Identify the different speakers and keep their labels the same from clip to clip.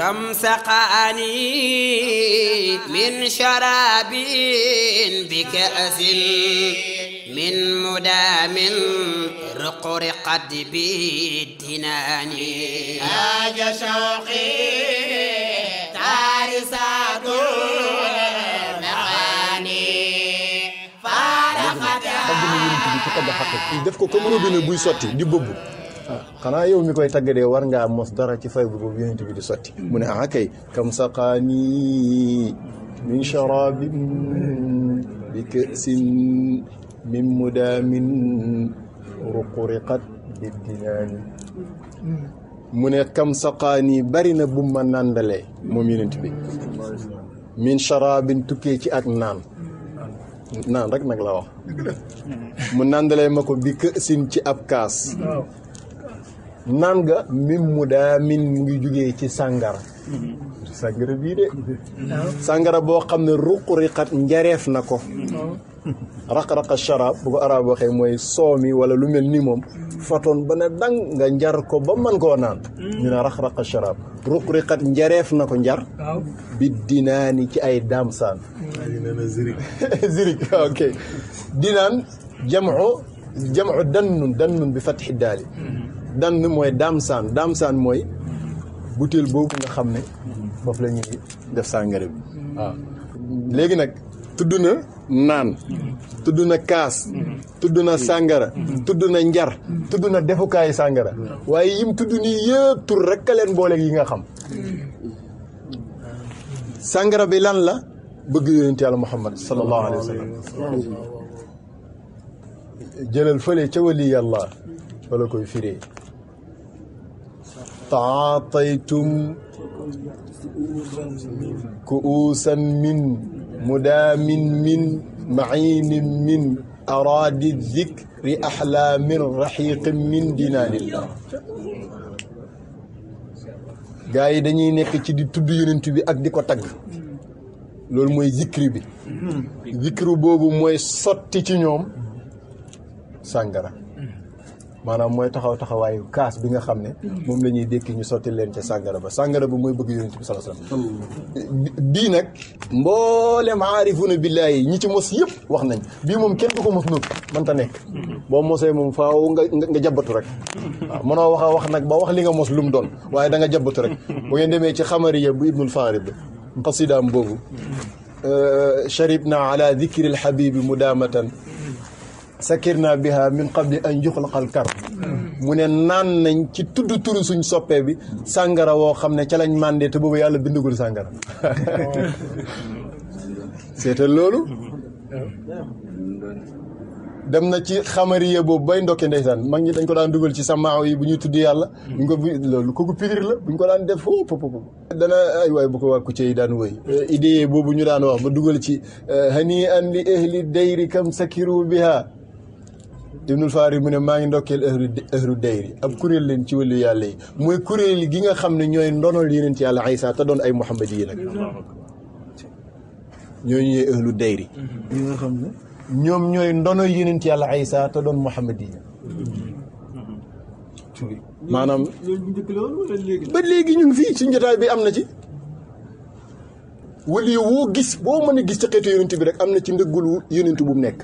Speaker 1: كم سقاني من شراب بكأس من مدام رقرقت بالدنان هاج شوقي تارسات المعاني فارقتها def ko comme robinet buy sotti di bëbb xanaa yow mi koy taggadee war ngaa mos dara ci fay bu boobu yonent bi di sotti mu ne ah kay kam saqaani min sharabin bi kësin min mudaamin ruquriqat bi dinaani mu ne kam saqaani bari na bu ma nàndalee moom yonent bi min sharabin tukkee ci ak naan naan rek nag la wax mu nàndalee ma ko bi kësin ci ab kaas naan nga mim mu daa min mu ngi jóge ci sàngara mm-hmm. sàngara bii de mm-hmm. sàngara boo xam ne ruquriqat njareef na ko mm-hmm. raq-raqa sharab bu ko arab mooy soow mi wala lu mel ni moom fatoon ba ne dang nga njar ko ba mën koo naan ñu ne raq-raqa sharab ruquriqat njareef na ko njar bi dinaani ci ay damsaan zirik zirik dinaan jamu jamu dannun dannun bi fathi daali dann mooy damsaan damsaan mooy butéel boobu nga xam ne foofu la def sàngara bi waaw ah. léegi nag tudd na naan tudd na kaas tudd na sàngara tudd na njar tudd na defukaayu sàngara waaye yim tudd nii yëpp tur rekk a leen booleeg yi nga xam sàngara bi lan la bëgg yonent yàlla muhammad sallallahu alayhi jëlal fële ca wali yàlla wala koy firee taataytum ku'uusan min mudaamin min maciinin min araadi dikri axlaamin raxiiqin min dinaanin gaa yi dañuy nekk ci di tudd yonent bi ak di ko tagg loolu mooy zikri bi hmm. zikri boobu mooy sotti ci ñoom sàngara manam moy taxaw taxaway kaas bi nga xamne mom lañuy dekk ñu soti leen ci sàngara ba sàngara bu moy bëgg yoonte bi sallallahu alayhi wasallam bii nak mbole aarifuuna billahi ñi ci mos yëpp wax nañ bi mom kenn du ko mos nut mënta nekk boo mosee moom faaw nga nga jabbatu rek waaw mënoo wax a ba wax li nga mos lu doon waaye da nga jabbatu rek bu ngeen demee ci xamariya bu ibnul faarib xasidaam boobu sharibna ala dikri alxabibi mudaamatan sakir naa biha min qabli an yuxlaqal kar mu ne naan nañ ci tudd turu suñ soppee bi sàngara woo xam ne ca lañ màndee te boobu yàlla bindugul sàngara seetal loolu dem na ci xamariya boobu bay ndokke ndeysaan mag ñi dañ ko daan dugal ci maaw yi bu ñuy tudd yàlla buñ ko loolu la buñ ko daan def foofu popo dana ay waay bu ko wàkku ci yi daan wëy idée boobu ñu daan wax ba dugal ci eh, hani an li dayri kam sakiru biha Ibnul Faari mu ne maa ngi ndokkeel ahlu ahlu dayri ab kuréel leen ci wàllu yàlla yi mooy kuréel gi nga xam ne ñooy ndonol yeneen ci yàlla Aysa te doon ay Muhammad yi nag ñooñu ñooy ahlu dayri yi nga xam ne ñoom ñooy ndono yeneen ci yàlla Aysa te doon Muhammad yi maanaam ba léegi ñu ngi fii ci njotaay bi am na ci wali woo gis boo mën a gis ci xeetu yonent bi rek am na ci ndëggul yonent bu mu nekk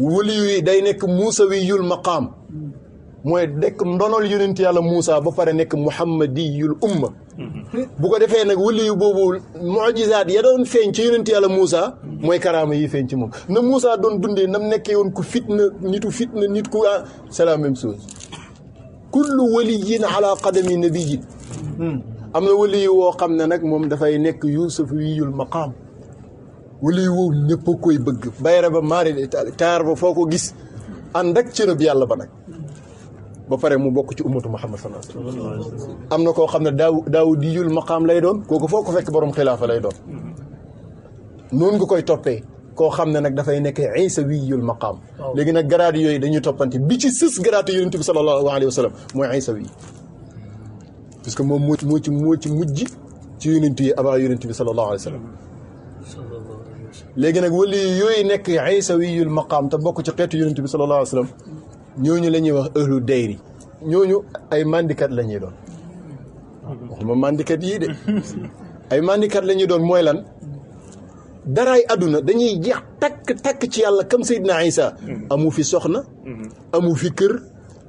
Speaker 1: wuli wi day nek musa wi yul maqam moy dekk ndonol yonent yàlla musa ba pare muhammadi yul umma bu ko defé nak wuli bobu mu'jizat ya don feñ ci yonent yàlla musa moy karama yi feñ ci mom na musa don dundé nam nekkee won ku fitna nitu fitna nit ku c'est la même chose kullu waliyin ala qadami nabiyyi amna wuli wali xamne nak mom da fay nek yusuf wi yul maqam wala wow ñëpp koy bëgg bayra ba maari taar ba foo ko gis ànd ak cërëb yàlla ba nag ba pare mu bokk ci ummatu Muhammad sallallahu alayhi wa sallam am na koo xam ne daaw daaw dijul maqaam lay doon kooku foo ko fekk borom xilaafa lay doon noonu nga koy toppee koo xam ne nag dafay nekk isa wiyul maqaam léegi nag garaat yooyu dañuy toppante bi ci sës garaatu yonent bi sallallahu alayhi wa sallam mooy isa wi parce que moom moo ci moo ci moo ci mujj ci yonent yi avant yonent bi sallallahu alayhi wa sallam léegi nag wali yooyu nekk aysawiyul maqaam te bokk ci xeetu yonent bi sallallahu alayhi wa sallam ñooñu la ñuy wax ahlu dayri ñooñu ay mandikat la ñuy doon waxuma mandikat yii de ay mandikat la ñuy doon mooy lan daraay àdduna dañuy jeex takk takk ci yàlla comme Seydina Isa amu fi soxna amu fi kër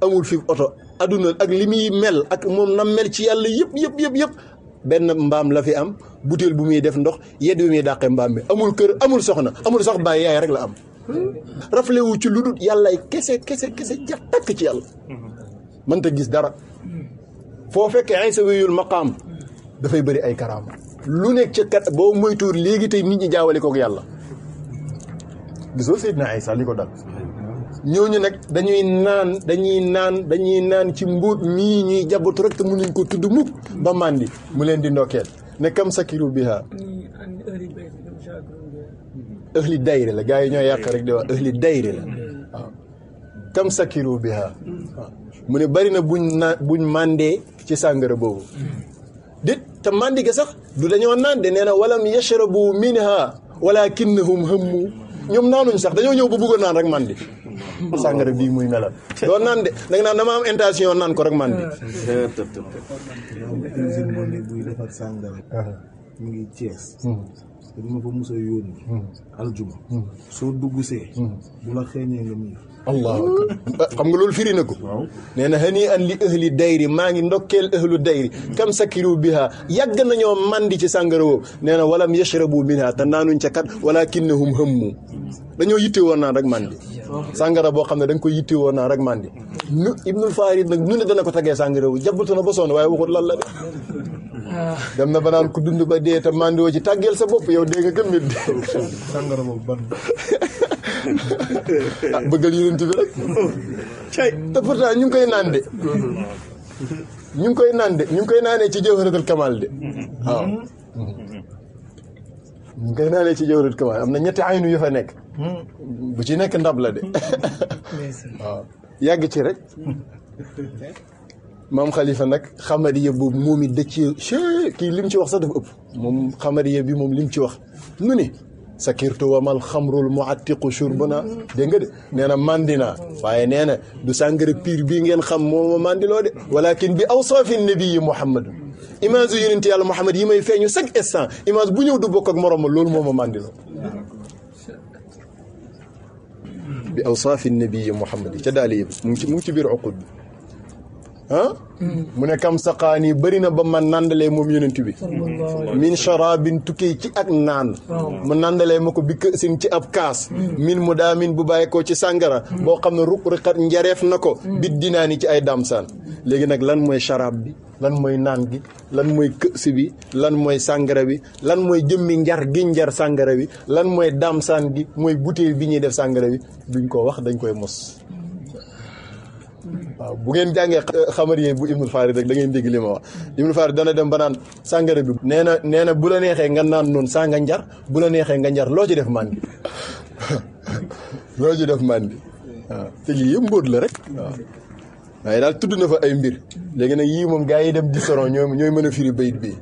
Speaker 1: amul fi oto àdduna ak li muy mel ak moom na mel ci yàlla yëpp yëpp yëpp yëpp benn mbaam la fi am butéel bu muy def ndox yedd bi muy dàqee mbaam mi amul kër amul soxna amul sax bàyyi yaay rek la am rafle wu ci lu dul yàllaay kese kese kese jaf takk ci yàlla mënta gis dara foo fekk insa wiyul maqaam dafay bëri ay karaama lu nekk ca kat boo moytuwul léegi tey nit ñi jaawale kook yàlla gisoo Seydina Isa li ko dal ñooñu nag dañuy naan dañuy naan dañuy naan ci mbuut mii ñuy jabatu rek te mënuñ ko tudd mukk ba màndi mu leen di ndokkeel ne kam sakiru biha ëhli dayre la gaa yi ñoo yàq rek di wax ëhli dayre la waaw kam sakiru biha waaw mu ne bari na buñ na buñ ci sàngara boobu dit te mandi ga sax du dañoo naan de nee na walam yashrabu minha walakinnahum hammu ñoom naanuñ sax dañoo ñëw ba bëggoon naan rek man di sàngara bii muy melal doon naan de da nga naan dama am intention naan ko rek man di mu ngi Thiès. Hmm. parce que dina hmm. hmm. soo dugg see. bu la xeeñee nga miir. allahu akbar xam nga loolu firi na ko. waaw nee na xëy an li ëhli dayri maa ngi ndokkeel ëhlu dayri. kam bi biha yàgg nañoo mandi ci sàngara woowu nee na walam yashrabu minha te naanuñ ca kat walakinnahum hëmmu dañoo yitte woon naan rek mandi. sàngara boo xam ne da koy yitti woon naa rek mandi nu ibnul farid nag nu ne dana ko tagee sàngara wu jabbatu na ba sonn waaye waxut lan la de dem na ba naan ku dund ba dee te mandi woo ci tàggeel sa bopp yow dee nga gëm nit sàngara boobu ban ah bëggal yonent bi rek te pourtant ñu ngi koy naan ñu ngi koy naan de ñu koy naanee ci jawharatul kamal de waaw mm-hmm. ah. mm-hmm. mm-hmm. ñu koy naalee ci jawharatul kamal am na ñetti aynu yu fa nekk. Hmm. bu ci nekk ndab de. waaw yàgg ci rek. maam Khalifa nag xamariya boobu moom it da ci kii lim ci wax sax dafa ëpp. moom xamariya bi moom lim ci wax mu ni sakirtu wamal xamrul muattiqu shurbuna dégg nga de nee na mandina waaye nee na du sàngara piir bii ngeen xam mooma mandiloo de walakin bi awsaafi nabii muhammadu image yu yonent yàlla mohammed yi may feeñu chaque instant image bu ñëw du bokk ak morom lool moma mandilo ma màndiloo bi awsaafi nabi Muhammad yi ca daali mu ci mu ci biir uqud ah mu ne kam saqaani bëri na ba man nàndalee moom yonent bi min sharabin tukkee ci ak naan mu nandalee ma ko bi sin ci ab kaas hmm. min mu daa min bu bàyyeekoo ci sàngara hmm. boo xam ne ruq-ruqat njareef na ko hmm. bit dinaa ni ci ay damsaan léegi nag lan mooy sharab bi lan mooy naan gi lan mooy kësi bi lan mooy sàngara bi lan mooy jëmmi njar gi njar sàngara bi lan mooy damsaan gi mooy bouteille bi ñuy def sàngara bi duñ ko wax dañ koy mos waaw bu ngeen jàngee xamariye bu Ibnul Farid rek da ngeen dégg li ma wax Ibnul Farid dana dem ba naan sàngara bi nee na nee na bu la neexee nga naan noonu sànga njar bu la neexee nga njar loo ci def mandi loo ci def mandi waaw te lii yëpp mbóot la rek waaw waaye daal tudd na fa ay mbir léegi nag yii moom gaa yi dem di ñoo ñooy mën a firi bayit bii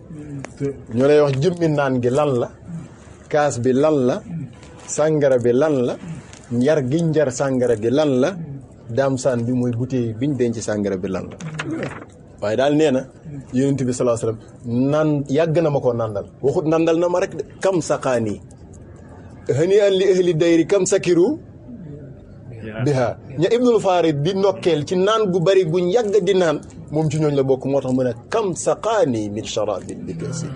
Speaker 1: ñoo lay wax jëmmi naan gi lan la kaas bi lan la sàngara bi lan la njar gi njar sàngara gi lan la daam saan bi mooy bouteille biñ denc sàngara bi lan la waaye daal nee na yonent bi salaa salaam naan yàgg na ma ko nandal waxut nandal na ma rek kam saqaanii hani an li ahli dayri kam sakiru biha ña ibnul farid di ndokkeel ci naan gu bari guñ yàgg di naan moom ci ñooñ la bokk moo tax mu ne kam saqaanii min sharabin bi kasi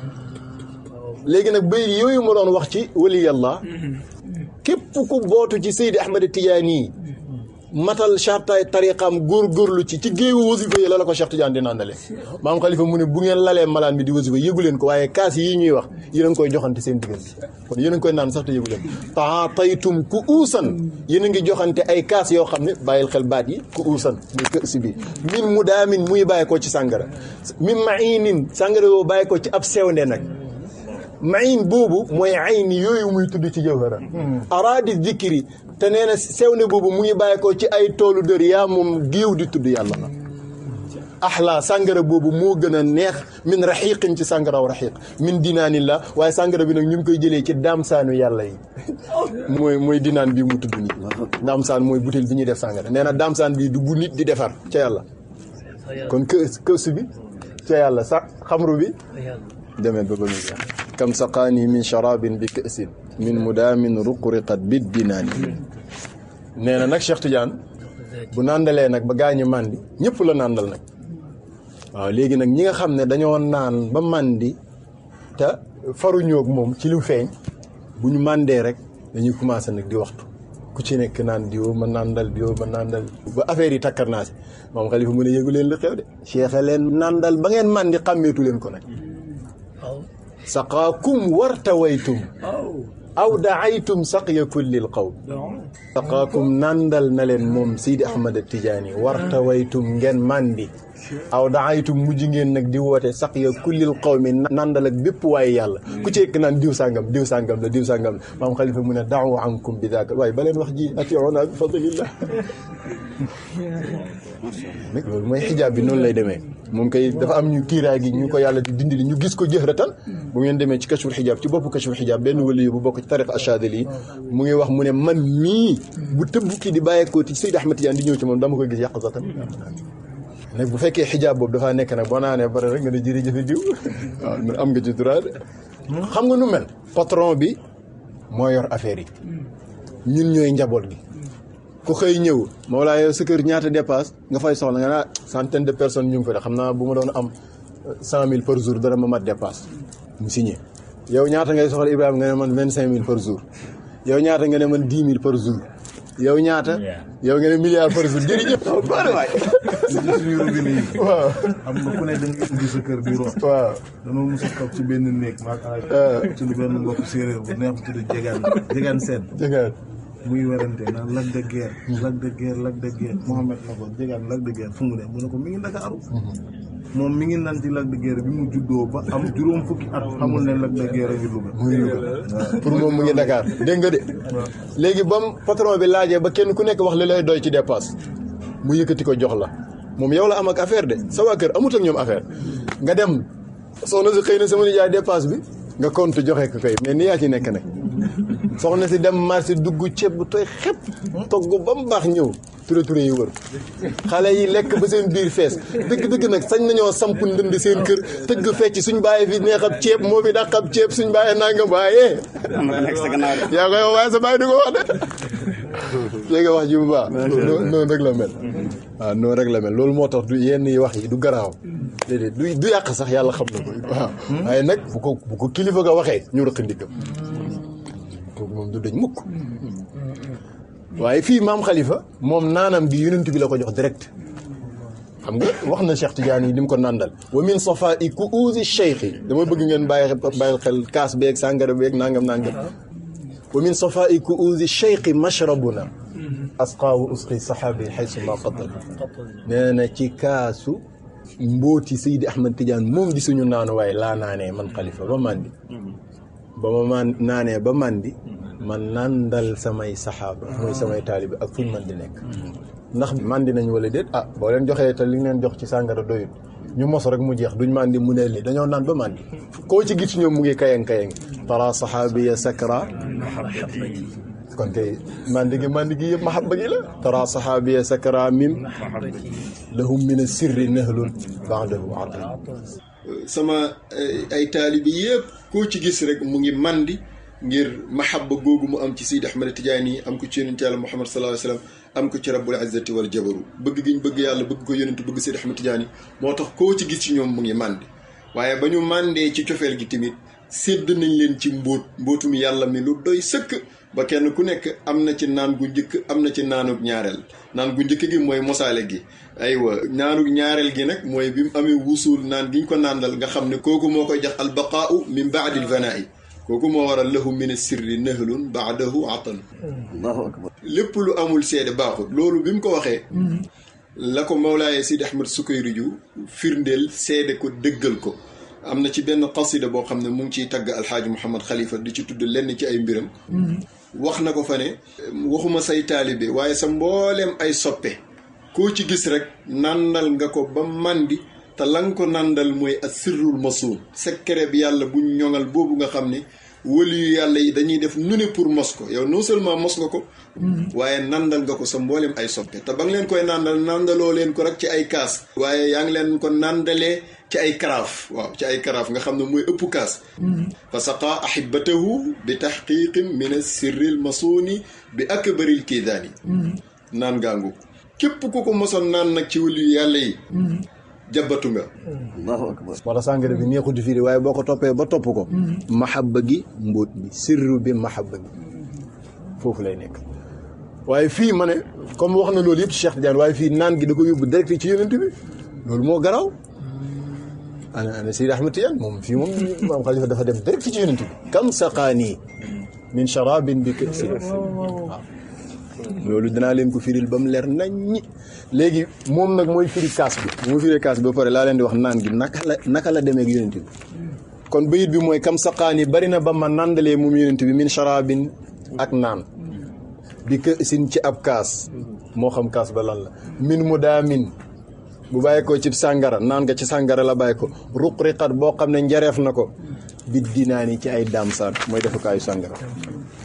Speaker 1: léegi nag bay yooyu ma doon wax ci wali yàlla mm-hmm. képp ku bootu ci Seydi Ahmad Tijaani matal chartaay tariqaam góorgóorlu ci ci géewu wasifa yi la la ko Cheikh Tidiane di nàndale maam xalifa mu ne bu ngeen lalee malaan bi di wasifa yëgu ko waaye kaas yi ñuy wax yéen a ngi koy joxante seen diggante kon yéen a ngi koy naan sax te yëgu leen taa ku uusan yéen a ngi joxante ay kaas yoo xam ne bàyyil xel baat yi ku uusan muy kë si bi min mu daamin muy bàyyi ko ci sàngara min mainin sàngara boo bàyyi ko ci ab sewnde nag mayin boobu mooy ni yooyu muy tudd ci jawhara hmm. araadi zikri te nee sew ne boobu mu ngi bàyyi ko ci ay toolu dër yaa moom géew di tudd yàlla la ahla sàngara boobu moo gën a neex min raxiqin ci sàngaraaw raxiq min dinaani la waaye sàngara bi nag ñu ngi koy jëlee ci daamsaanu yàlla yi mooy mooy dinaan bi mu tudd nii daamsaan mooy butéel bi ñuy def sàngara nee na daamsaan bi du nit di defar ca yàlla kon kës bi ca yàlla sax xamru bi demeen ba ba muy kam saqaani min sharabin bi ka'sin min mudaamin ruqriqat bi dinaani nee na nag Cheikh Tidiane bu nàndalee nag ba gaañu màndi ñëpp la nàndal nag waaw léegi nag ñi nga xam ne dañoo naan ba màndi te faruñoog moom ci lu feeñ bu ñu màndee rek dañuy commencé nag di waxtu ku ci nekk naan diwo ma nàndal diwo ma nàndal ba affaire yi takkar naa si moom xalifa mu ne yëgu leen lu xew de cheikh nàndal ba ngeen màndi xàmmeetu ko nag سقاكم وارتويتم أو دعيتم سقي كل القوم نعم. سقاكم نندل نلن موم أحمد التجاني وارتويتم جن ماندي aw daaytum mujj ngeen nag di woote saq ya kullil qawmi nandal ak bépp waaye yàlla ku ci yëkk naan diw sàngam diw sàngam la diw sàngam la maam xalifa mu ne daaw ankum bi waaye baleen wax ji ationa bi fadlillah loolu mooy xijaab bi noonu lay demee moom kay dafa am ñu kiiraay gi ñu ko yàlla di dindi li ñu gis ko jëhratan bu ngeen demee ci kashful xijaab ci bopp kashful xijaab benn wali bu bokk ci tariq achadili mu ngi wax mu ne man nii bu tëbb bukki di bàyyeekoo ci Seydi Ahmed Tidiane di ñëw ci moom dama ko gis yàq satan léegi bu fekkee xijaab boobu dafa nekk nag boo naanee bare rek nga ne jërëjëf diw waaw man am nga ci xam nga nu mel patron bi moo yor affaire yi ñun ñooy njaboot gi ku ñëw Mawla yow sa ñaata dépasse nga fay soxla nga naa ah, centaine de personnes ñu ngi xam naa bu ma doon am euh, cent mille par jour dara ma mat dépasse mu signé yow ñaata ngay soxla Ibrahima nga ne man vingt cinq mille par jour yow ñaata nga ne man dix mille par jour yow ñaata yow nga ne milliard par jour jërëjëf bari ci waaw xam nga ku ne da nga indi sa kër di root. waaw dañoo mos a toog ci benn néeg maa ngi ci lu benn mbokk séeréer bu neex bu tudd Jegaan Jegaan Seen. Jegaan. muy werante naan de Guiers. Hmm. Lac de Guiers Lac de Guiers Mouhamed na ko fu mu ne mu ne ko mi ngi Ndakaaru. Hmm. mi ngi nan ci Lac de bi mu juddoo ba am juróom fukki at xamul ne Lac de Guiers a ngi Louga pour mu ngi Dakar dégg nga de léegi bam patron bi laajee ba kenn ku nekk wax li lay doy ci dépasse mu yëkkati ko jox la moom yow la am ak affaire de sa kër amut ak ñoom affaire nga dem soxna si xëy na sama nijaay dépasse bi nga compte joxe ko kay mais ni yaa ci nekk nag soxna si dem marché dugg ceeb bu tooy xepp togg ba mu baax ñëw ture ture yi wër xale yi lekk ba seen biir fees dëgg dëgg nag sañ nañoo samp ndënd seen kër tëgg fecc suñ bàyyi fi neex ab ceeb moo fi dàq ab ceeb suñ bàyyi nangam waaye yaa koy wax waaye sa bàyyi du ko wax de léegi wax ji bu baax noonu rek waaw ah, noonu rek la loolu moo tax du yenn wax yi du garaaw du yàq sax yàlla xam na ko waaw hmm? waaye nag bu ko kilifa ga waxee ñu rëq ndiggam kooku moom du dañ mukk waaye fii maam xalifa moom naanam bi yonent bi la ko jox direct xam nga wax na Cheikh Tidiane yi ni mu ko nandal wa min safa i ku uusi cheikh dama bëgg ngeen bàyyi bàyyi beeg sàngara beeg nangam nangam wa min asqa wa usqi saxaabi xaysu ma qaddal nee na ci kaasu mbóoti Seydi Ahmad Tidiane moom di suñu naanu waaye laa naanee man xalifa ba màndi ba ma man naanee ba màndi man dal samay saxaaba mooy samay taalibi ak fuñ man di nekk ndax màndi nañu wala déet ah boo leen joxee te li nga leen jox ci sàngara doyut ñu mos rek mu jeex duñ màndi mu ne li dañoo naan ba màndi koo ci gis ñoom mu ngi kayang kayang tara saxaabiya sakra kon kay mandi gi mandi gi yëpp mahabba gi la tara sahabiya sakara mim lahum min a sirri nahlun ba'dahu aqil sama eh, ay taalibi yëpp ko ci gis rek mu ngi mandi ngir mahabba googu mu am ci Seydi Ahmad Tijaani am ko ci yonent yàlla Muhammad sallallahu alayhi wa sallam am ko ci rabbul izzati wal jabaru bëgg giñ bëgg yàlla bëgg ko yonent bëgg Seydi Ahmad Tijaani moo tax ko ci gis ci ñoom mu ngi mandi waaye ba ñu mandee ci cofeel gi tamit sédd nañ leen ci mbóot mbóotum yàlla mi lu doy sëkk ba kenn ku nekk am na ci naan gu njëkk am na ci naanug ñaareel naan gu njëkk gi mooy mosaale gi aywa naanug ñaareel gi nag mooy bi mu amee wusuul naan gi ñu ko naandal nga xam ne kooku moo koy jax albaqaau min baadil vanaa'i kooku moo waral lahu min sirri nahlun baadahu atal lépp lu amul seede baaxul loolu bi mu ko waxee mm-hmm. la ko mawlaaye Sidi Ahmed Sukayriju firndeel seede ko dëggal ko amna ci benn qasida boo xam ne mu ngi ciy tagg alxaaji Mouhamed Khalifa di ci tudd lenn ci ay mbiram wax na ko fa ne waxuma say taalibe waaye sa mbooleem ay soppe koo ci gis rek nàndal nga ko ba màndi te la nga ko nàndal mooy sirrul masuun secret bi yàlla bu ñoŋal boobu nga xam ne wëliyu yàlla yi dañuy def nu ne pour mos ko yow non seulement mos nga ko mhm. waaye nandal nga ko sa mboolem ay soppe te ba nga leen koy nandal nàndaloo leen ko rek ci ay kaas waaye yaa ngi leen ko nandalee ci ay karaaf waaw ci ay karaaf nga xam ne mooy ëpp kaas mhm. fa saqaa ahibatahu bi taxqiqin min sirril masuuni bi ak akbaril kiidaani mhm. naan gaangu képp ku ko mosoon naan nag ci wëliyu yàlla yi jabbatu nga allahu akbar moo tax sàngara bi neexuti firi waaye boo ko toppee ba topp ko mahabba gi mbóot bi sirru bi mahabba gi foofu lay nekk waaye fii ma ne comme wax na loolu yëpp ci Cheikh Tidiane waaye fii naan gi da ko yóbbu direct ci yonent bi loolu moo garaaw ana ana Seydi Ahmad Tidiane moom fii moom maam xalifa dafa dem direct ci yonent bi kam saqaanii min sharabin bi ka'sin waaw loolu dinaa leen ko firil ba mu leer naññi léegi moom nag mooy firi kaas bi bu ma firee kaas boo ba pare laa leen di wax naan gi naka la naka la demee ak yonent kon bayit bi mooy kam saqaani bari na ba ma nandalee moom yonent bi min sharabin ak naan bi kësin ci ab kaas moo xam kaas ba lan la min mu daa min bu bàyyi ko ci sàngara naan nga ci sàngara la bàyyi ko ruq riqat boo xam ne njareef na ko bit dinaani ci ay daam saan mooy defukaayu sàngara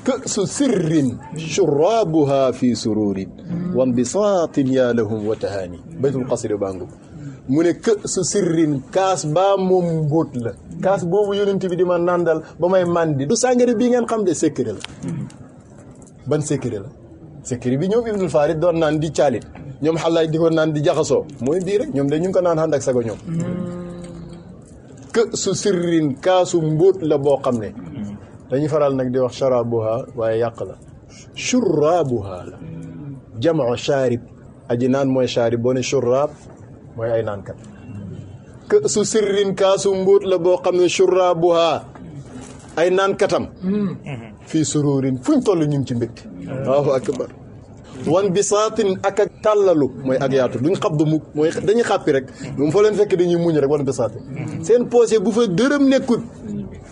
Speaker 1: kaksu sirrin syurabuha fi sururin hmm. wa mbisatin ya lahum baitul qasir ya bangku mune kaksu sirrin kas ba mumbut la kas bo bu yonin tibidi mandi du bingan kamde sekere la hmm. ban sekere la sekere binyom ibn farid doan nandi chalit nyom halay dihon nandi jakaso mune bire nyom de nyom kan nahan handak sago nyom hmm. kaksu sirrin kasu kamne dañuy faral nag di wax sharabuha waaye yàq la shuraabuha la jamoo shaarib naan mooy shaarib boo ne shuraab mooy ay naankat kësu sirrin kaasu mbóot la boo xam ne shuraabuha ay naankatam fii sururin fuñ toll ñu ngi ci mbégte waaw akbar wan bisaatin ak ak tàllalu mooy ak yaatu duñ xab du mukk mooy dañuy xàppi rek ñoom fa leen fekk dañuy muñ rek wan bisaatin seen poosé bu fa dërëm nekkut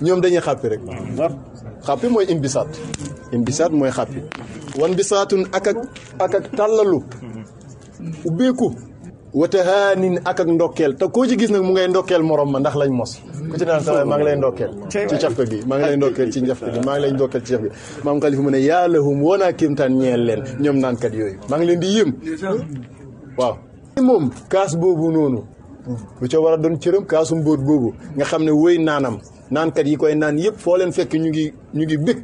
Speaker 1: ñoom dañuy xàppi rek xàppi mooy imbisaat imbisaat mooy xàppi wan bisaatun ak ak ak ak tàllalu mm-hmm. ubbeeku wata haanin ak ak ndokkeel te koo ci gis nag mu ngay ndokkeel morom ma ndax lañ mos ku ci naan sa maa ngi lay ndokkeel ci cafka gi maa ngi lay ndokkeel ci njafka gi maa ngi lay ndokkeel ci caf gi maam xalifa mu ne yaa lahum woonaa kéemtaan ñeel leen ñoom naankat yooyu maa ngi leen di yéem waaw moom kaas boobu noonu bu ca war a doon cëram kaasu mbóot boobu nga xam ne wëy naanam Nan yi koy naan yëpp foo leen fekk ñu ngi ñu ngi bég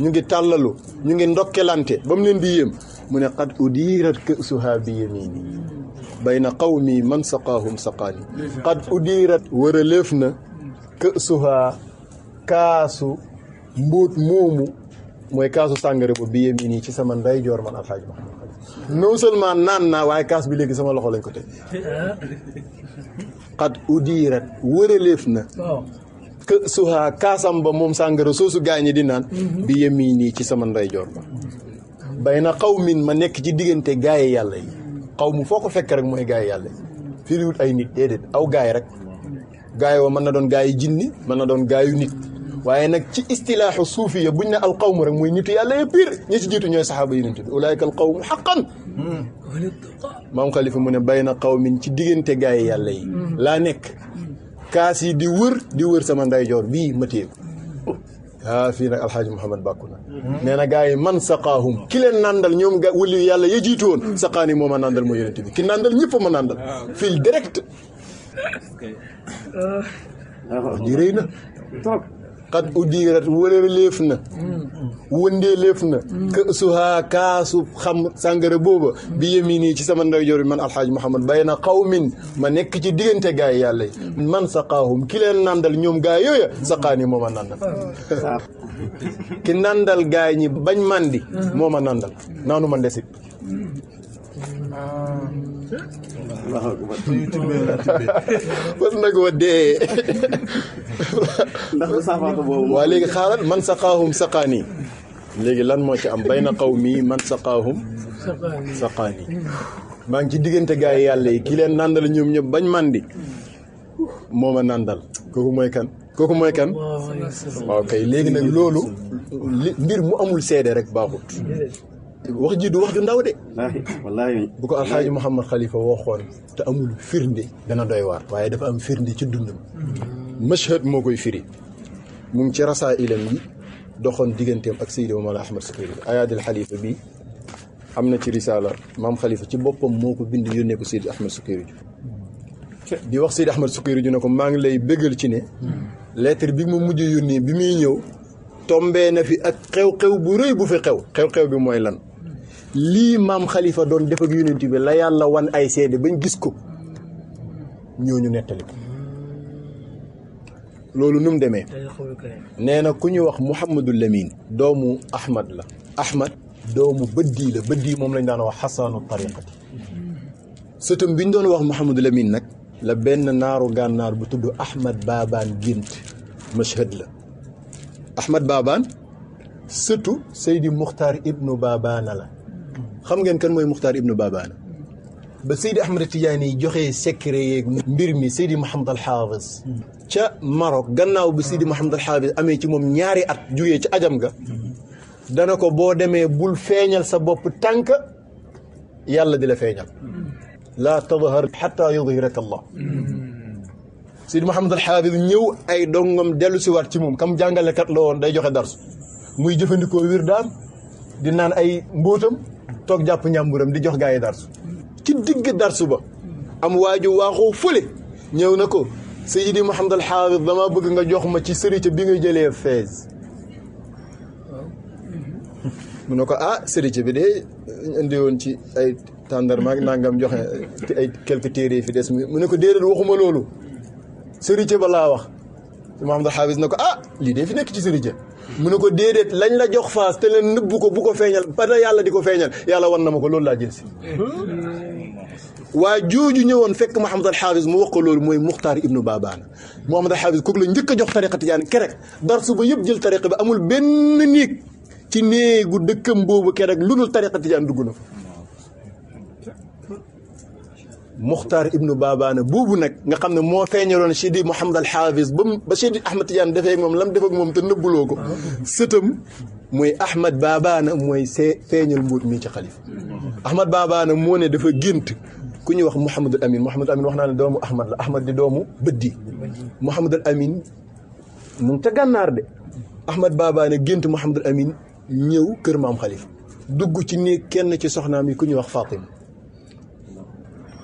Speaker 1: ñu ngi tàllalu ñu ngi ndokkelante ba mu leen di yéem mu ne qad udirat kësuha bi yamini bayna qawmi man saqaahum saqaani qad udirat wëraleef na suha kaasu mbóot moomu mooy kaasu sàngara bo bi yamini ci sama ndeyjoor man alxaaj ma non seulement naan naa waaye kaas bi léegi sama loxo lañ ko teg qad udirat wëraleef que suha kaasam ba moom sàngara soosu gaañi di naan mhm. bi yemi nii ci sama ndeyjoor ba bay na xaw min ma nekk ci diggante gaaye yàlla yi xaw mu foo ko fekk rek mooy gaaye yàlla yi firiwut ay nit déedéet aw gaay rek gaay wa mën na doon gaay jinni mën na doon gaayu nit waaye nag ci istilaaxu suufiya buñ ne alqawmu rek mooy nitu yàlla ya piir ñi ci jiitu ñooy saxaaba yonent bi ulaayka alqawmu xaqan hmm. maam xalifa mu ne bay na xaw min ci diggante gaay yàlla kaas yi di wër di wër sama ndeyjoor bii ma téye ko ah fii nag alxaaji Mouhamed bàkku na nee na gars yi man saqaahum ki leen nandal ñoom ga wëliyu yàlla ya jiitu woon saqaani moo ma nandal moo yonente bi ki nandal ñëpp ma nandal fil direct wax ji rëy xat ujiirat wëraleef na wëndeeleef na ka kaa su xam sàngara booba bi yemi nii ci sama ndeyjoor bi man alxaaji Muhammad bay na qawmin ma nekk ci diggante gaa yi yàlla yi man saqaahum ki leen nandal ñoom gaa yooya saqaani moo ma nandal ki nandal gaa ñi bañ mandi moo ma nandal naanu ma ndesit fas nag wa dee. ndax safaatu boobu. waa léegi xaaral man saqaahum saqaani. léegi lan moo ci am na xaw mii man sa saqaahum saqaani. maa ngi ci diggante gaa yi yàlla yi ki leen nàndal ñoom ñëpp bañ màndi moo ma nàndal kooku mooy kan kooku mooy kan waaw léegi nag loolu li mu amul seede rek baaxut wax ji du wax ju ndaw de. wallaahi bu ko alxaaji Mouhamad Khalifa waxoon. te amul firnde. dana doy waar. waaye dafa am firnde ci dund mashhad moo koy mu ngi ci rasaa ilam yi doxoon digganteem ak Seydou Mawla Ahmad Sakir na ci risaala maam xalifa ci boppam moo ko bind yónnee ko Seydou Ahmad Sakir di wax Seydou Ahmad Sakir ne ko maa ngi lay bëggal ci ne. lettre bi mu mujj yónnee bi muy ñëw. tombee na fi ak xew-xew bu rëy bu fi xew. xew-xew bi mooy lan. li mam khalifa don def ak yonent bi la yàlla wan ay sédé bañ gis ko ñooñu nettali ko loolu nu mu demee ku ñu wax Mouhamadul Lamine doomu Ahmad la Ahmad doomu beddi la beddi mom lañ daan wax hasanu tariqati seutum biñ doon wax Mouhamadul Lamine nak la ben naru gannar bu tuddu Ahmad baban gint mashhad la Ahmad baban seutu sayyidi mukhtar ibnu Baabaana la xam ngeen kan mooy Muxtaar ibnu Baabaana ba Seydi Ahmed Tidiane joxee secret yeeg mbir mi Seydi Mouhamed Al xaafis ca Maroc gannaaw bi Seydi Mouhamed Al xaafis amee ci moom ñaari at jugee ci ajam ga dana ko boo demee bul feeñal sa bopp tànk yàlla di la feeñal la tadhar xata yudhirak allah Seydi Mouhamed Al xaafis ñëw ay dongam dellu si waat ci moom kam jàngalekat la woon day joxe darsu muy jëfandikoo wir daam di naan ay mbóotam toog jàpp ñàmburam di jox gars yi darsu ci digg darsu ba am waaju waaxoo fële ñëw na ko Seydi Mouhamed al Haafis damaa bëgg nga jox ma ci sërite bi nga jëlee Fès mu ne ko ah sërite bi de eh, indi woon ci ay tàndarmaak nangam joxe ay quelques téere fi des mu ne ko déedéet waxuma loolu sërite ba laa wax Mouhamed al Haafis na ko ah lii de fi nekk ci sërite mu ne ko déedéet lañ la jox faas te leen nëbbu ko bu ko feeñal bada yàlla di ko feeñal yàlla wan na ma ko loolu laa jël si waa jooju ñëwoon fekk Mouhamad al Hafiz mu wax ko loolu mooy Muxtaar ibnu Baabaana Mouhamad al Hafiz kooku la njëkk jox tariqa Tijaan kerek darsu suba yëpp jël tariqa bi amul benn néeg ci néegu dëkkam boobu kerek lu dul tariqa Tijaan dugg na fa مختار ابن بابان buubu نك nga xamne mo feñalon Sidi mohammed al hafiz bam ba Sidi Ahmad Tidiane defee mom lam def ak mom te nëbbuloo sëtam moy ahmed babana moy see feeñal mbuut mii ci khalif ahmed babana mo ne dafa gint ku ñuy wax al Amin mohammed al Amin wax naa ne doomu ahmed la ahmed di doomu bëddi mohammed al Amin mu ta gannar de ahmed babana gint mohammed al Amin ñëw keur mam khalif duggu ci néeg kenn ci soxnaam yi ku ñuy wax Fatima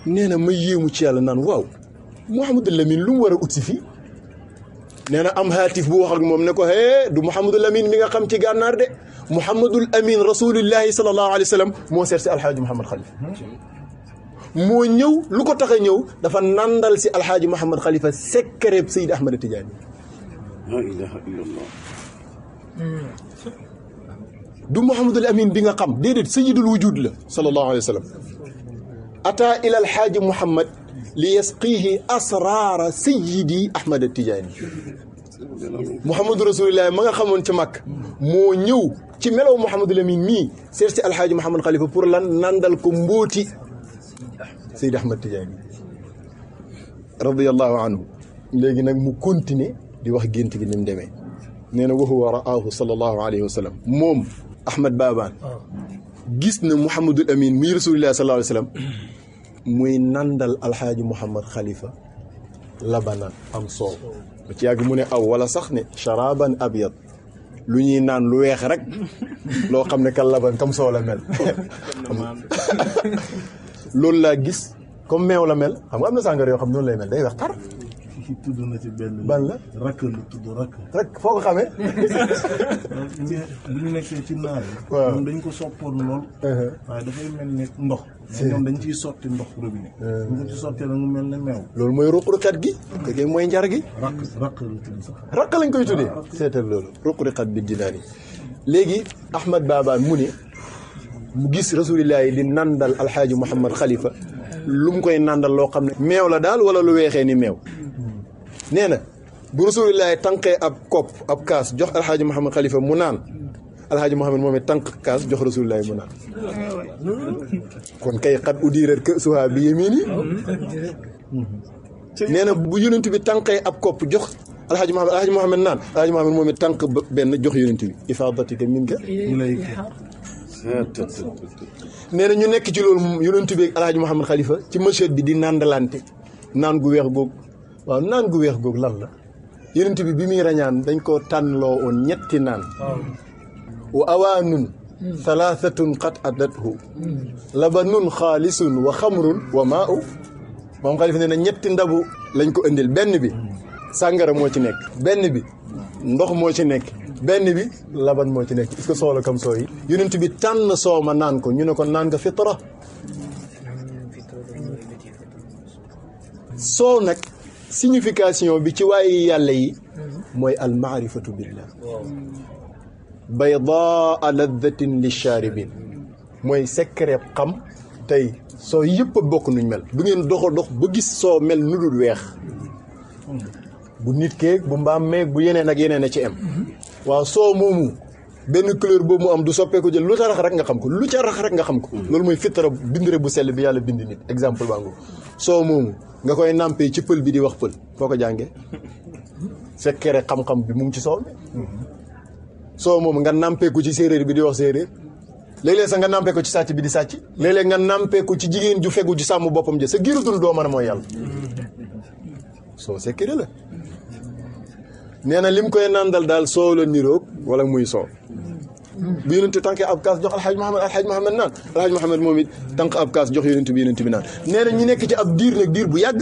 Speaker 1: nee na ma yéemu ci yàlla naan waaw Mouhamadou Lamine lu mu war a ut si fii nee na am haatif bu wax ak moom ne ko hee du Mouhamadul Amine mi nga xam ci gànnaar de Mouhamadul Amine rasulillahi sallallahu alayhi wa sallam moo seet si alxaaji Mouhamad Khalifa. moo ñëw lu ko tax a ñëw dafa nandal si alxaaji Mouhamad Khalifa sekkereb Seydi Ahmad Tidiane. la ilaha illallah. du Mouhamadul Amine bi nga xam déedéet sayidul wujud la sallallahu alayhi wa sallam. أتى إلى الحاج محمد ليسقيه أسرار سيدي أحمد التجاني محمد رسول الله ما خمون تمك مو نيو تي ملو محمد لمين مي سيرتي الحاج محمد خليفه بور لان ناندال كومبوتي سيد احمد التجاني رضي الله عنه لغي نك مو كونتيني دي واخ غينتي نيم ديمي نينا وهو رآه صلى الله عليه وسلم موم احمد بابان آه. gis na muhammadul Amin muy rasulillah sallallahu alayhi wasallam muy nandal alxaaji muhammad Khalifa labana am so ci yag mu ne aw wala sax ne sharaban abyad lu ñuy naan lu wex rek lo xamne kal laban kam so la mel lool la gis comme mew la mel xam nga am na sàngara yoo xam non lay mel day wax tar kii tudd na ci benn. ban la rakk la tudd rakk. rakk foo ko xamee. bu ñu nekkee ci dañ ko soppoon lool. Uh-huh. waaye dafay ndox. si dañ ciy sotti ndox robinet. Uh-huh. bu loolu mooy ruqruqat gi. léegi mooy njar gi. rakk lañ koy tuddee. seetal loolu ruqruqat bi dinaa ni. léegi Ahmad Baba mu ne mu gis rasulillah yi di nandal alxaaji Mouhamad Khalifa lu mu koy nandal loo xam ne. meew la daal wala lu weexee ni meew. nee na bu rasulillahi tànqee ab kopp ab kaas jox alxaaji Mouhamed Khalifa mu naan alxaaji Mouhamed moom it tànq kaas jox rasulillahi mu naan kon kay xat udiirat kë suhaa bi yemiin yi nee na bu yonent bi tànqee ab kopp jox alxaaji Mouhamed alxaaji Mouhamed naan alxaaji Mouhamed moom it tànq benn jox yonent bi ifaadatika minka nee na ñu nekk ci loolu yonent bi ak alxaaji Mouhamed Khalifa ci machette bi di nandalante naan gu weex googu waaw naan gu weex googu lan la yonent bi bi muy rañaan dañ koo tànnloo woon ñetti naan wa awaanun thalathatun qad adathu labanun xaalisun wa xamrun wa maa u moom xalifa ne na ñetti ndabu lañ ko indil benn bi sàngara moo ci nekk benn bi ndox moo ci nekk benn bi laban moo ci nekk est-ce que soola kam soo yi yonent bi tànn soo ma naan ko ñu ne ko naan nga fitra soow nag signification bi ci waaye yàlla yi mm-hmm. mooy almaarifatu billah baydaa laddatin lisharibin mooy secret xam tey soo yëpp a bokk nuñ mel du ngeen doxa dox ba gis soo mel nu dul weex mm-hmm. bu nit keeg bu mbaam meeg bu yeneen ak yeneen a ci am mm-hmm. waaw soo moomu benn couleur boobu mu am du soppeeku jël lu ca rax rek nga xam ko lu ca rax rek nga xam ko loolu mooy fitara bindire bu sell bi yàlla bind nit exemple baa ngo soo moomu nga koy nampé ci pël bi di wax pël foo ko jàngee fekkee rek xam-xam bi mu ci soow mi soow moom nga nampé ci séeréer bi di wax séeréer léeg-léeg nga nampé ko ci sàcc bi di sàcc léeg-léeg nga nampé ci jigéen ju fegu ci sàmm boppam ja sa giiru doo mën mooy yàlla soo sekkere la nee na lim koy nàndal daal soow la niroog wala muy soow bu yonent bi tànkee ab kaas jox alxaaj Mahamad alxaaj Mahamad naan alxaaj Mahamad moom it tànk ab jox yonent bi yonent bi naan nee na ñu ci ab diir nag diir bu yàgg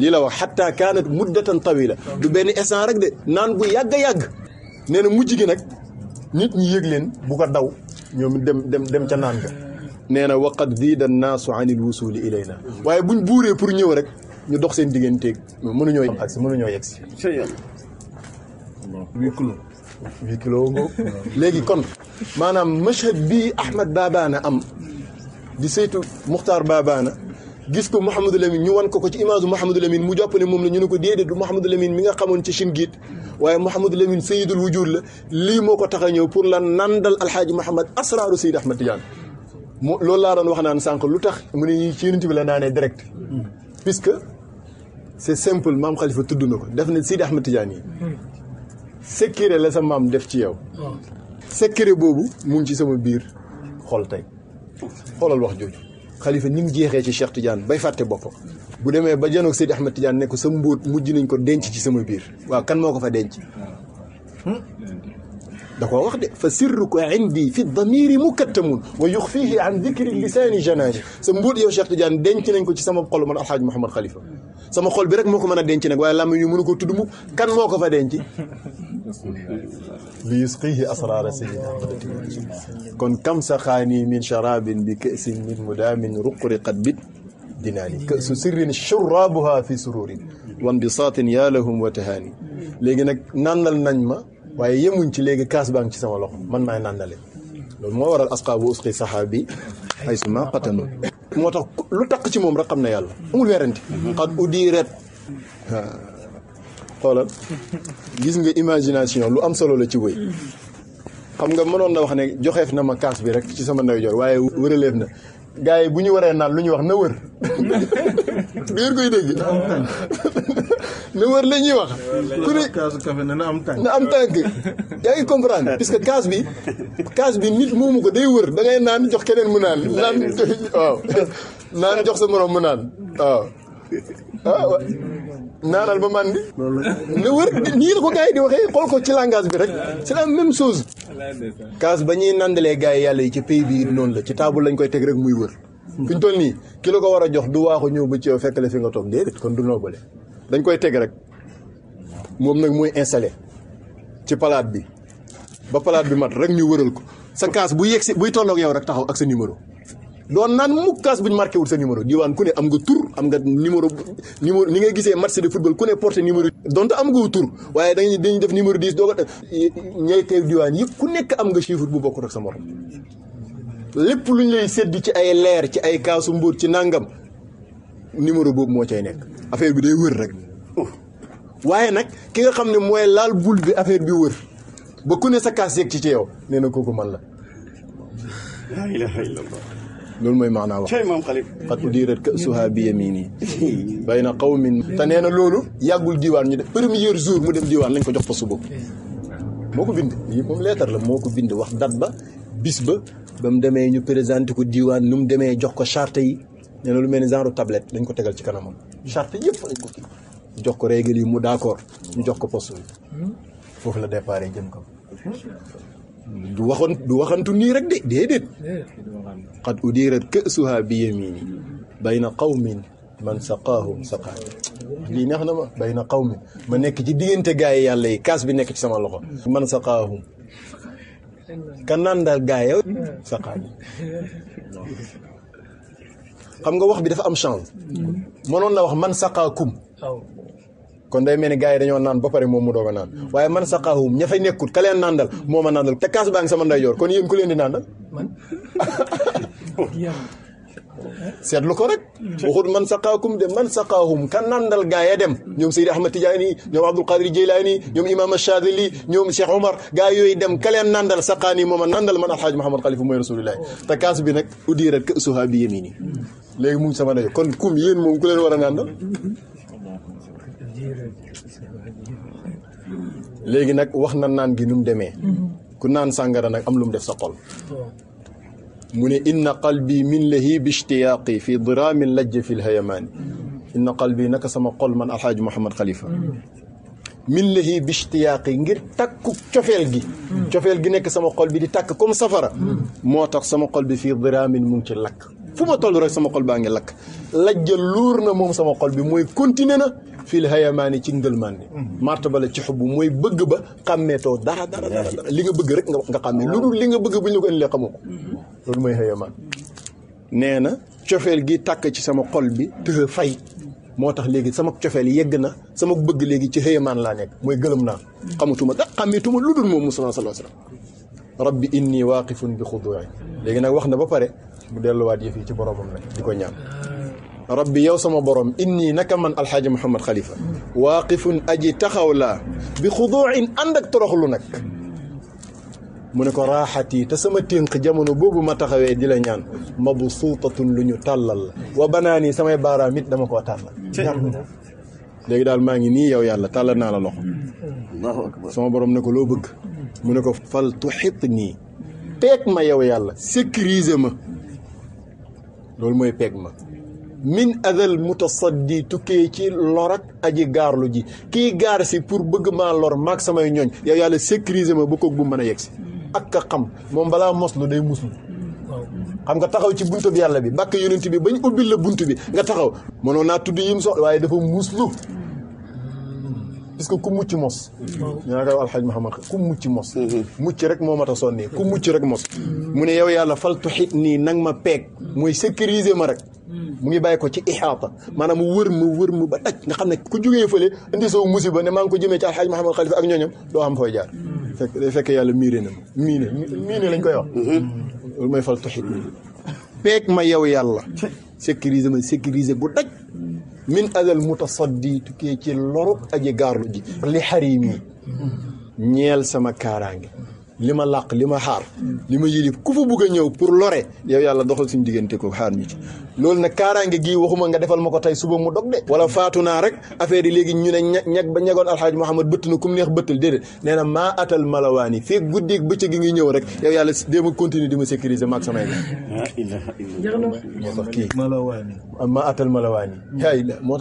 Speaker 1: lii la wax xatta kaanat muddatan tawila du benn instant rek de naan bu yàgg a yàgg nee na mujj gi nag nit ñi yëg leen bu ko daw ñoom dem dem dem ca naan ga nee waqad diida annaasu an il ilayna waaye buñ buuree pour ñëw rek ñu dox seen digganteeg mënuñoo agsi mënuñoo yegg si fii kilo ngo léegi kon maanaam mashhad bii Ahmed Babana am di saytu Muxtaar Babana gis ko Mouhamadou Lamine ñu wan ko ko ci image Mouhamadou Lamine mu jàpp ne moom la ñu ne ko déedéet du Mouhamadou Lamine mi nga xamoon ci Shingiit waaye Mouhamadou Lamine sayidul wujud la lii moo ko tax a ñëw pour la nandal alxaaji Mouhamad asraaru sayid Ahmed Tidiane moo loolu laa doon wax naan sànq lu tax mu ne ci yonent bi la naanee direct puisque c'est simple maam Khalifa tudd na ko def na sayid Ahmed Tidiane yi secret la sa maam def ci yow. secret bobu mu ngi ci sama bir xol tay xolal wax joju khalifa nim jexé ci Cheikh Tidiane bay faté bop bu démé ba jëno janoog Seydi Ahmed Tidiane ne sa mbóot mujj nañ ko denc ci sama bir wa kan moko fa denc. da koo wax de fa sirruka indi fi damiri mukattam wa yukhfihi an dhikri lisan janaj sa mbóot yow Cheikh Tidiane denc nañ ko ci sama xol man alhaj mohammed Khalifa sama xol bi rek moko meuna denc nak waye làmmiñ ñu mënu ko tuddu mu kan moko fa denc ليسقيه أسرار سيدنا كن كم سخاني من شراب بكأس من مدام رقرقت بد دناني كأس سر شرابها في سرور وانبساط يا لهم وتهاني لكن نانا النجمة ويمون تلقى كاس بان تسمى لهم من ما نانا لهم لما وراء الأسقاب وأسقي صحابي حيث ما قتلوا موتا لو تقتي موم رقمنا يالا امول ويرنت قد اديرت xoolal gis nga imagination lu am solo la ci wëy xam nga mënoon na wax ne joxeef na ma kaas bi rek ci sama ndeyjoor waaye wëraleef na gars yi bu ñu waree naan lu ñuy wax na wër ngeen na wër la ñuy wax ku ne kaasu na am tànk am tànk yaa ngi comprendre puisque kaas bi kaas bi nit moomu ko day wër da ngay naan jox keneen mu naan naan jox sa morom mu naan waaw ah, naanal ba màndi la wër nii la ko gars di waxee xool ko ci langage bi rek c'est la même chose kaas ba ñuy nandalee gars yi yàlla yi ci pays bi noonu la ci table lañ koy teg rek muy wër fi ñu toll nii ki ko war a jox du waaxu ñëw ba ci yow fekk fi nga toog déedéet kon du noobale dañ koy teg rek moom nag muy installé ci palaat bi ba palaat bi mat rek ñu wëral ko sa kaas bu yegsi buy tollook yow rek taxaw ak sa numéro doon naan mukk kaas bu ñu marqué wul sa numéro diwaan ku ne am nga tur am nga numéro numéro ni ngay gisee match de football ku ne porté numéro donte am nga tur waaye dañuy dañu def numéro 10 doo ko ñay teew diwaan yëpp ku nekk am nga chiffre bu bokkut ak sa morom lépp lu ñu lay sédd ci ay leer ci ay kaasu mbóot ci nàngam numéro boobu moo cay nekk affaire bi day wër rek waaye nag ki nga xam ne mooy laal bul bi affaire bi wër ba ku ne sa kaas yegg ci ci yow nee na kooku man la. loolu mooy maanaa wax maam xalif xat udirat kasuha bi yamini bay na xaw min te nee na loolu yàggul diiwaan ñu def premier jour mu dem diiwaan lañ ko jox fa suba moo ko bind lii moom leetar la moo ko bind wax dat ba bis ba ba mu ñu présenté ko diiwaan nu mu jox ko charte yi nee lu mel genre tablette dañ ko tegal ci kanamam charte yëpp lañ ko kii jox ko règle yi mu d' ñu jox ko poste bi la départ jëm kaw du waxoon du waxantu nii rek de déedéet xad udirat kësuha bi yamini bayna qawmin man saqaahum saqaani lii neex na ma bayna qawmin ma nekk ci diggante gaay yi yàlla yi kaas bi nekk ci sama loxo man saqaahum kan naan daal gaay yow saqaani xam nga wax bi dafa am chance mënoon na wax man saqaakum kon day mel ni gars yi dañoo naan ba pare moom mu doog a naan waaye man saqaahum ña fay nekkut ka leen nandal moo ma nandal te kaas baa ngi sama ndeyjoor kon yéen ku leen di nandal man seetlu ko rek waxut man de man saqaahum ka nandal gaa ya dem ñoom Seydi Ahmad Tijaani ñoom Abdul Qadir Jeylaani ñoom Imaam Shadili ñoom Cheikh Omar gaa yooyu dem ka leen nandal saqaani mooma nandal man alxaaj Muhammad Xalifa mooy rasulillahi te kaas bi nag uddirat ka léegi mu ngi sama kon kum yéen moom a légui nak wax na naan gi num démé ku nan sàngara nak am lum def sa xol muné inna qalbi min lahi bi ishtiyaqi fi al lajj fi al-hayman inna qalbi nak sama qol man al-haj muhammad Khalifa min lahi bi ishtiyaqi ngir takku cofeel gi cofeel gi nek sama xol bi di tak comme safara motax sama xol bi fi dhiram mum ci lak fuma ma rek sama xol ba ngi lak lajja lourna mom sama xol bi moy continuer na في الهيماني تي ندلماني مرتبه لا تي موي بغ با خاميتو دارا دارا دارا ليغا بغ رك نغا خامي لودو ليغا بغ بو نلوكو اندي خامو لودو موي هيمان نينا تيوفيل جي تاك تي سما قلبي تي فاي موتاخ ليغي سما تيوفيل ييغنا سما بغ ليغي تي هيمان لا نيك موي گلمنا خاموتوما دا خاميتوما لودو مو صلى الله عليه ربي اني واقف بخضوع ليغي نا واخنا با بري مو دلو وات ربي يا سما بروم اني نك من الحاج محمد خليفه واقف اجي تخاو بخضوع عندك تروخ لنك منك راحتي تسمتين قجمن بوبو ما تخاوي دي لا نيان مبسوطه لنيو تالل وبناني سماي بارا ميت دما كو تالل لغي دال ماغي ني ياو يالا تالل نالا لوخ الله اكبر سما بروم نكو لو بك منك فال تحطني تيك ما ياو يالا سيكريزي ما لول موي بيك ما min adal mutasaddi tukkee ci lor aji gaarlu ji kii gaar si pour bëgg maa lor maag samay ñooñ yow yàlla sécuriser ma ba ko bu mën a yegg si ak ka xam moom balaa moslu day muslu xam nga taxaw ci buntu bi yàlla bi bàkk yonent bi bañ ubbil la bunt bi nga taxaw mënoon naa tudd yim so waaye dafa muslu parce que ku mucc mos ñu naan koy alxaj Mahamad ku mucc mos mhm. mucc rek moo mat a sonnee ku mucc rek mos mhm. mu ne yow yàlla fal tuxit nii nang ma peeg mooy mhm. sécuriser ma rek mu ngi bàyyi ko ci ixaata maanaam mu wër ma wër ma ba daj nga xam ne ku jógee fële indi soo musiba ne maa ngi ko jëmee ci alxaj Mahamad Xalifa ak ñooñam doo xam fooy jaar fekk day fekk yàlla miire na ma miine miine lañ koy wax loolu mooy fal tuxit nii ma yow yàlla sécuriser ma sécuriser bu daj min adal mutasaddi tukkee ci lorub aji gaarlu ji li xarim yi mm-hmm. ñeel sama kaaraange li ma làq li ma xaar li ma yilif ku fa bugg a ñëw pour lore yow yàlla doxal suñu diggante ko xaar ñu ci loolu nag kaaraange gii waxuma nga defal ma ko tey suba mu dog de wala faatu naa rek affaire yi léegi ñu ne ñag ba ñagoon alxaaj Muhammad bëtt na kum neex bëttal déedéet nee na maa atal malawaan yi fii guddeeg bëccëg gi ngi ñëw rek yow yàlla déema continuer di ma sécuriser maag samay ga moo tax kii malawaan yi maa atal malawaan yi yaa moo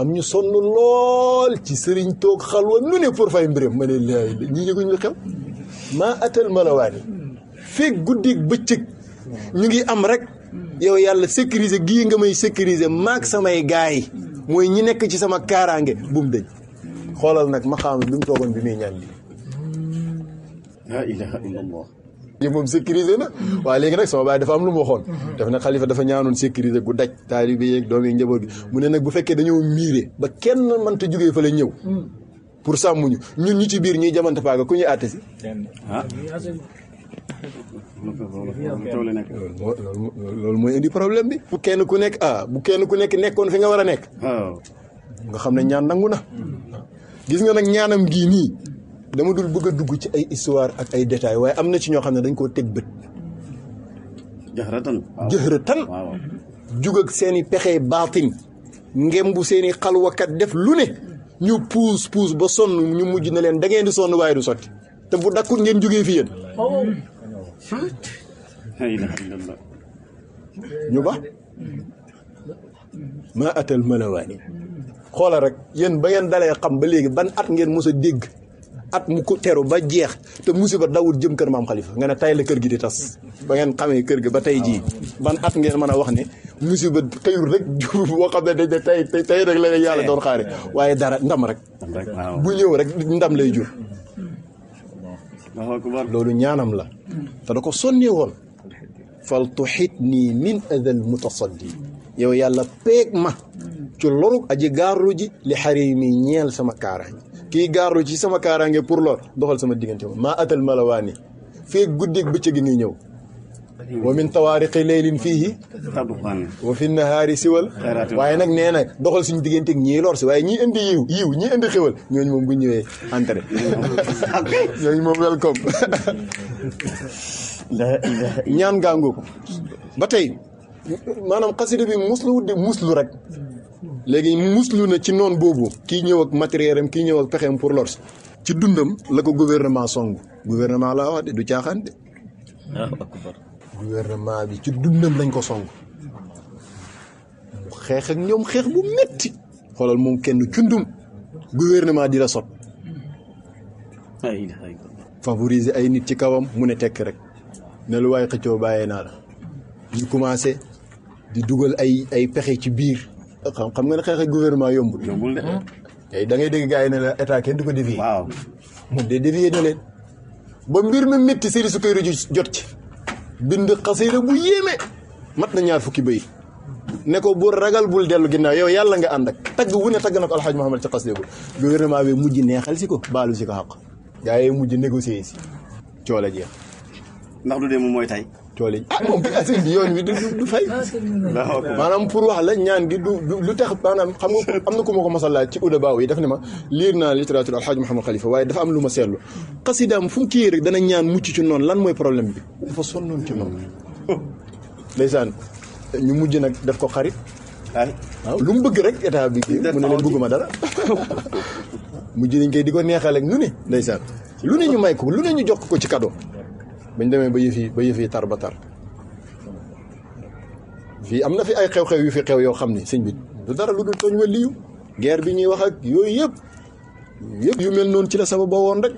Speaker 1: am ñu sonn lool ci sëriñ toog xalwa nu ne pour fay mbiram ma ne laay ñi yëguñ la xew maa atal malawaani feeg guddi bëccëg ñu ngi am rek yow yàlla sécuriser gii nga may sécuriser maak samay gaay mooy ñi nekk ci sama kaaraange bu mu dëñ xoolal nag ma xam bi mu toogoon bi muy ñaan yëpp moom sécurisé na waaye léegi nag sama baay dafa am lu mu waxoon dafa ne xalifa dafa ñaanoon sécurisé gu daj taalibe yeeg doom yi njaboot gi mu ne nag bu fekkee dañoo miire ba kenn mënta jógee fa la ñëw pour sàmm ñu ah. indi problème bi bu kenn ku nekk ah bu kenn ku nekk nekkoon fi nga war a nekk nga xam ne ñaan nangu na gis nga nag ñaanam gii nii dama dul bëgg dugg ci ay histoire ak ay détail waaye am na ci ñoo xam ne dañ koo teg bët. jëhratan jëhratan jug ak seen i pexe baatin ngembu seen i xalwakat def lu ne ñu puus puus ba sonn ñu mujj na leen da ngeen di sonn waaye du sotti te bu dakkut ngeen jugee fi yéen. ñu ba ma atal malawaani xoolal rek yéen ba ngeen dalee xam ba léegi ban at ngeen mos a dégg. at mu ko teru ba jeex te musiba dawul jëm kër maam xalifa nga ne tay la kër gi di tas ba ngeen xamee kër gi ba tey jii ban at ngeen mën a wax ne musiba xëyul rek jur boo xam ne dañ ne tay tay rek yàlla doon xaare waaye dara ndam rek bu ñëw rek ndam lay jur loolu ñaanam la te da ko sonnee woon fal tuxit nii min adal mutasaddi yow yàlla peeg ma ci loru aji gaarlu ji li xari mi ñeel sama kaaraange ki garu ci sama karange pour lor doxal sama diggante ma atal malawani fi guddik bëccëg gi ngay ñëw wa min tawaariqi leylin fiihi wa fi an-nahari siwal waye nak nee doxal suñu digganteeg ñi lor ci waye ñi indi yiw yiw ñi indi xewal ñoo mom bu ñëwee entré ñoo mom welcome ñaan gangu ko batay manam maanaam bi muslu di muslu rek léegi muslu na ci noon boobu kii ñëw ak matériel am kii ñëw ak pexeem pour lors ci dundam la ko gouvernement song gouvernement laa wax de du caaxaan de gouvernement bi ci dundam lañ ko song xeex ak ñoom xeex bu metti xoolal moom kenn cundum gouvernement di la sot favoriser ay nit ci kawam mu ne tekk rek ne lu waaye xëccoo bàyyee naa la ñu commencé di dugal ay ay pexe ci biir xam xam nga ne xeex ak gouvernement yombul. yombul de tey da ngay dégg gars yi ne la état kenn du ko dévier. waaw de dévier na ba mbir ma métti Serigne Soukeyrou ji jot ci. bind xasida bu yéeme. mat na ñaar fukki béy. ne ko bu ragal bul dellu gi naa yow yàlla nga ànd ak. tagg wu ne tagg na ko alxaaj Mouhamed ci xasida bu gouvernement bi mujj neexal si ko. baalu si ko xaq. gars yi mujj négocier si. coola jeex. ndax du dee moom mooy tey. tool yi ah moom bi bi yoon wi du du fay maanaam pour wax la ñaan gi du lu tax maanaam xam nga am na ku ma ko masalaat ci uda baaw yi daf ne ma liir naa littérature alxaaj Mouhamed Khalifa waaye dafa am lu ma seetlu xasidaam fu mu kii rek dana ñaan mucc ci noonu lan mooy problème bi dafa sonnoon ci noonu ndeysaan ñu mujj nag daf ko xarit waaw lu mu bëgg rek état bi mu ne leen bëgguma dara mujj nañ koy di ko neexal rek lu ne ndeysaan lu ne ñu may ko lu ne ñu jox ko ci cadeau bañ demee ba yëf yi ba yëf yi tar ba tar fii am na fi ay xew-xew yu fi xew yoo xam ne sëñ bi du dara lu dul tooñ wa liyu guerre bi ñuy wax ak yooyu yëpp yëpp yu mel noonu ci la sabab ba woon rek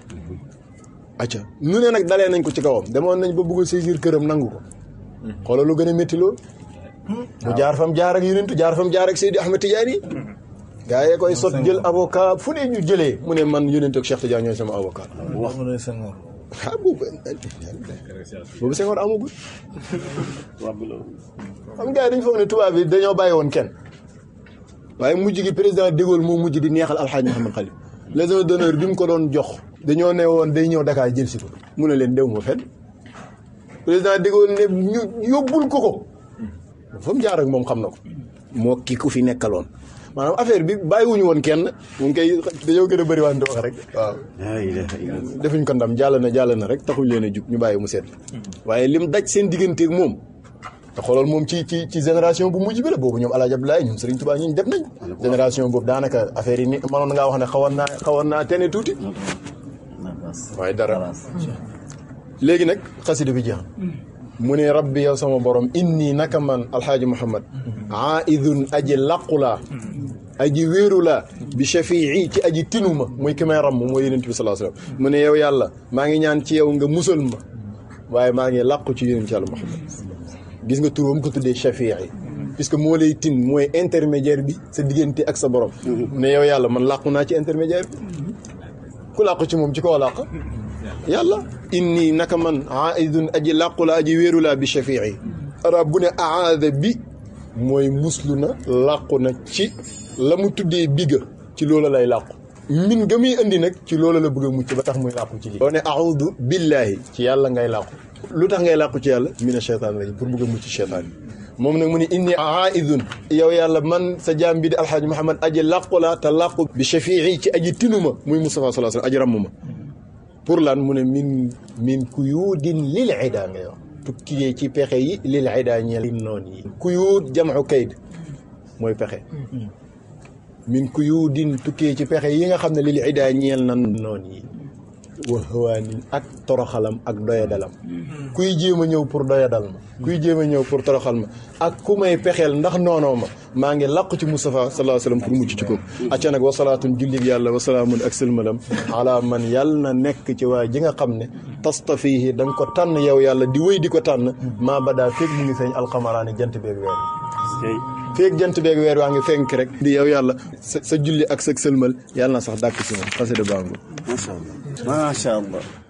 Speaker 1: acca nu ne nag dalee nañ ko ci kawam demoon nañ ba bugg saisir këram nangu ko xoolal lu gën a métti loolu bu jaar fam jaar ak yunentu jaar fam jaar ak Seydi Ahmed Tidiane gaa yee koy sot jël avocat fu ne ñu jëlee mu ne man yunentu ak Cheikh Tidiane ñooy sama avocat ah boobu boobu Senghor amagul. xam nga dañu foog ne tubaab yi dañoo bàyyi woon kenn. waaye mujj gi président de Gaulle moo mujj di neexal Alxaaji Mouhamed Xalifa. légion d'honneur bi mu ko doon jox. dañoo ne woon day ñëw Dakar jël si ko. mu ne leen dew ma fenn. président de Gaulle ne ñu yóbbul ko ko. fa mu jaar ak moom xam na ko. moo kii ku fi nekkaloon. maanaam affaire bi bàyyiwuñu woon kenn mun koy dañoo gën a bëri wante wax rek waaw ah, defuñ ko ndam jàll na jàll na rek taxul leen a jug ñu bàyyi mu seet waaye lim daj seen digganteeg moom te xoolal moom ci ci ci génération bu mujj bi la boobu ñoom Alaaji Abdoulaye ñoom Serigne Touba ñu def nañ génération boobu daanaka affaire yi ni mënoon ngaa wax ne xawoon naa xawoon naa tene tuuti waaye dara léegi nag xasida bi jeex mu ne rabbi yow sama borom inni naka man alxaaji muhammad aidun aji làqu laa aji wéeru laa bi shafii ci aji tinuma muy ki may ramm mooy yonent bi salaa sallam mu ne yow yàlla maa ngi ñaan ci yow nga musal ma waaye maa ngi làqu ci yonent yàlla muhammad gis nga turam ko tuddee shafii puisque moo lay tin mooy intermédiaire bi sa diggante ak sa borom ne yow yàlla man làqu naa ci intermédiaire bi ku làqu ci moom ci koo làq يلا اني نك من عائد اجي لا قل اجي وير لا بشفيعي ربنا اعاذ بي موي مسلنا لاقنا تي لامو تودي بيغا تي لولا لاي لاق من غامي اندي نك تي لولا لا بوغا موتي با تخ موي لاق تي انا اعوذ بالله تي يالا غاي لاق لوتا غاي لاق تي يالا من الشيطان لاي بور بوغا موتي الشيطان موم نك موني اني عائد يو يالا من سا جامبي دي الحاج محمد اجي لاق لا تلاق بشفيعي تي اجي تينوما موي مصطفى صلى الله عليه وسلم اجي رموما pour lan mu ne min min kuyuudin lil ida nga yow tukkiyee ci pexe yi lil ida ñeel noon yi kuyuud jamu kayit mooy pexe mm-hmm. min kuyuudin tukkiyee ci pexe yi nga xam ne lil ida ñeel na noon yi wa hawaani ak toroxalam ak doyadalam hmm. kuy jéem a ñëw pour doyadal ma hmm. kuy jéem a ñëw pour toroxal ak ku may pexeel ndax noonoo ma maa ngi làqu ci Moustapha sallallahu alayhi pour mucc ci ko hmm. acca nag wasalaatun jullit yàlla wasalaamun ak sëlmalam ala man yàlla na nekk ci waa ji nga xam ne tastafihi da nga ko tànn yow yàlla di wéy di ko tànn maa badaa feeg mu ngi feeñ alxamaraani jant beeg weer feeg jant beeg weer waa ngi fenk rek di yow yàlla sa sa julli ak sa sëlmal yàlla na sax dàkk ci moom xasida baa ngoog macha allah